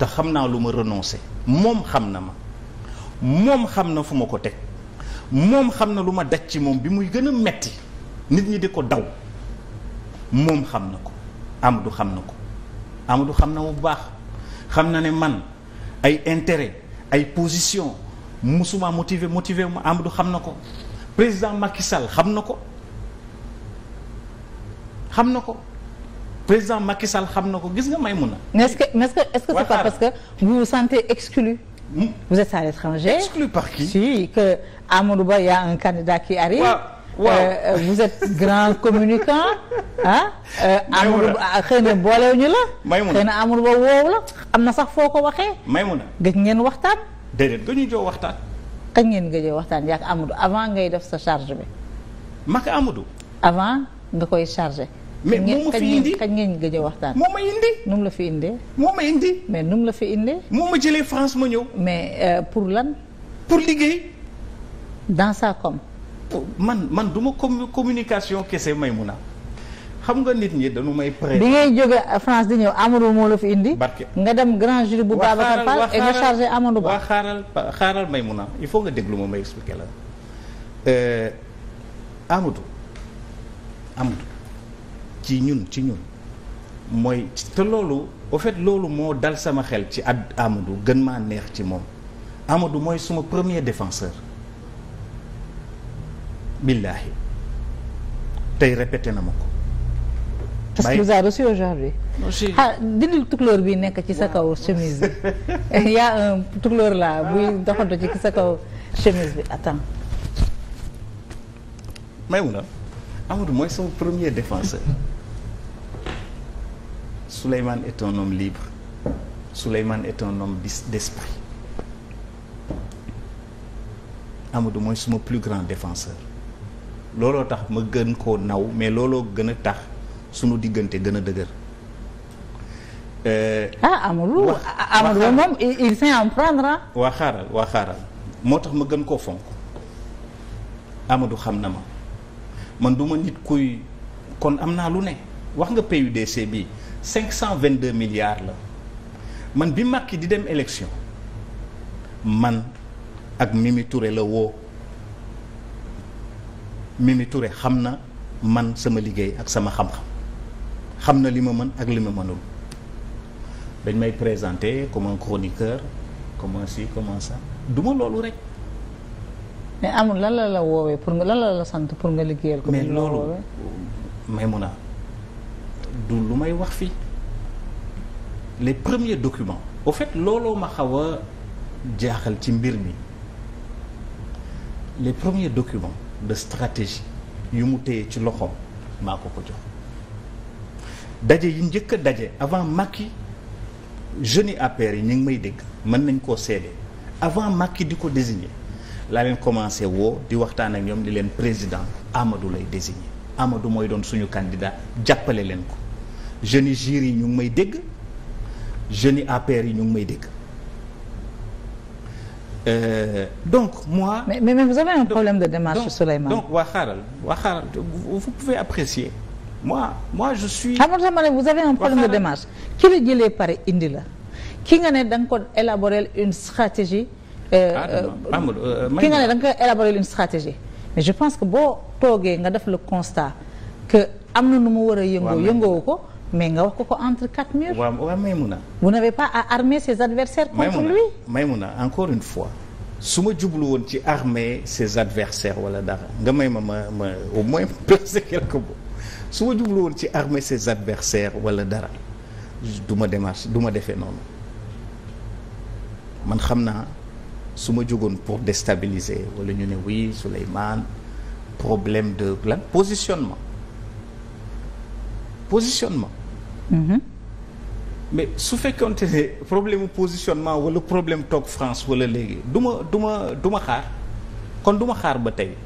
te xam naa lu ma renoncé moom xam na ma moom xam na fu ma ko teg moom xam na lu ma daj ci moom bi muy gën a metti nit ñi di ko daw moom xam na ko am Amadou xam na ko Amadou xam na bu baax xam na ne man ay intérêt ay position musuma motivé mu ma Amadou xam na ko président Macky Sall xam na ko xam na ko président Macky Sall xam na ko gis nga Maïmouna. mais est-ce que est-ce que est que c'est pas parce que vous vous sentez exclu. Hmm? vous êtes à l'étranger. exclu par qui si que Amadou Ba y un candidat qui arrive. Euh, euh, vous êtes grand communicant euh, ah. Ba xëy na boolewuñu la. Maymuna xëy na Amadou Ba woowu la am na sax foo ko waxee. Maymuna gëj ngeen waxtaan. déedéet gëj ñu joo waxtaan. kañ ngeen gëjoo waxtaan yaa Amadou avant ngay def sa charge bi. maka Amadou. avant nga koy chargé. mais moom ma fi indi kañ ngeen gëj a waxtaan. moo ma indi. nu la fi indee. moo ma indi. mais nu la fi indee. moo ma jëlee France ma ñëw. mais euh, pour lan. pour liggéey. dansa sa man man duma ma communication kese may mun a xam nga nit ñi dañu may. pré bi ngay jóge France di ñëw Amadou moo la fi indi. barke nga dem grand jury bu Babacar Fall et nga chargé Amadou Ba. xaaral xaaral may mun a il faut nga déglu ma may expliquer la euh, Amadou Amadou. ci ñun ci ñun mooy te loolu au fait loolu moo dal sama xel ci ad Amadou gën maa neex ci moom Amadou mooy suma premier défenseur billaahi tey répété na ma ko parce que vous avez reçu aujourd'hui ah dindil tukulóor bi nekk ci sa kaw chemise bi y a un tukulóor ah. kaw chemise bi attends may mun a Amadou mooy sama premier défenseur Souleymane est un homme libre Souleymane est un homme d'esprit Amadou mooy suma plus grand défenseur looloo tax ma gën koo naw mais looloo gën a tax sunu diggante gën a dëgër. Euh, ah Amadou ah, ah, Amadou moom waa xaaral waa xaaral moo tax ma gën koo fonk Amadou xam na ma man du ma nit kuy kon am naa lu ne wax nga PUDC bii. cinq cent vingt deux milliards la man bi mark di dem élection man ak Mimi Touré la woo Mimi Touré xam na man sama liggéey ak sama xam-xam xam na li ma mën ak li ma mënul dañ may présenté comme un chroniqueur comme un ci comme un ça loolu rek. mais amul lan la la woowee pour nga lan la la sant pour nga liggéeyal. ko mais loolu may mun a du lu may wax fii les premiers documents au fait looloo ma xaw a jaaxal ci mbir mi les premiers documents de stratégie yu mu téye ci loxoom maa ko ko jox daje yi njëkk a daje avant Macky jeunes yi yi ñu ngi may dégg mën nañ koo seede avant Macky di ko désigner laa leen commencé woo di waxtaan ak ñoom di leen président Amadou lay désigner Amadou mooy doon suñu candidat jàppale leen ko jeunes yi JIR yi ñu ngi may dégg jeunes yi APR yi ñu ngi may dégg euh, donc moi. mais mais vous avez un problème de démarche Souleymane. donc waa xaaral waa xaaral vous pouvez apprécier moi moi je suis. Amadou ah, Souleymane vous avez un problème de démarche ki la jëlee pare indi la ki nga ne da ko élaborer une stratégie. ah non Amadou ki nga ne da nga ko élaborer une stratégie. je pense que boo toogee nga def la constat que am na nu mu war a yëngoo yëngoowu ko mais nga wax ko ko entre quatre murs waaw waaw Maïmouna vous n'avez pas à armer ses adversaires contre lui Maïmouna encore une fois su ma jublu woon ci armer ses adversaires wala dara nga may ma ma au moins placer quelque su ma jublu woon ci armer ses adversaires wala dara du ma démarche ma defee noonu man xam naa su ma jógoon pour déstabiliser wala ñu ne oui Souleymane problème de lan positionnement positionnement. Mm -hmm. mais su fekkonte ne problème positionnement wala problème toog France wala léegi duma ma du ma du xaar kon duma xaar ba tey.